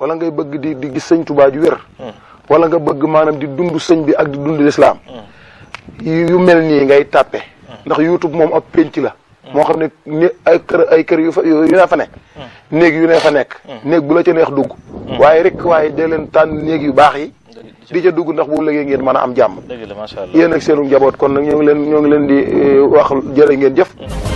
wala ngay bëgg di di gis sëñ tubaa ju wér hmm. wala nga bëgg maanaam di dund sëñ bi ak di dund lislaam hmm. yu mel nii ngay tàppe hmm. ndax youtube moom ab penc la moo xam ne ay kër ay kër yu fa yu fa ne néeg yu ne fa nekk néeg bu la ca neex dugg waaye rek waaye dee leen tànn néeg yu baax yi di ca dugg ndax boobu léegi ngeen mën a am jàmm yéen ak seenu njaboot kon nag ñoo ngi leen ñoo ngi leen di eh, wax jërë ngeen jëf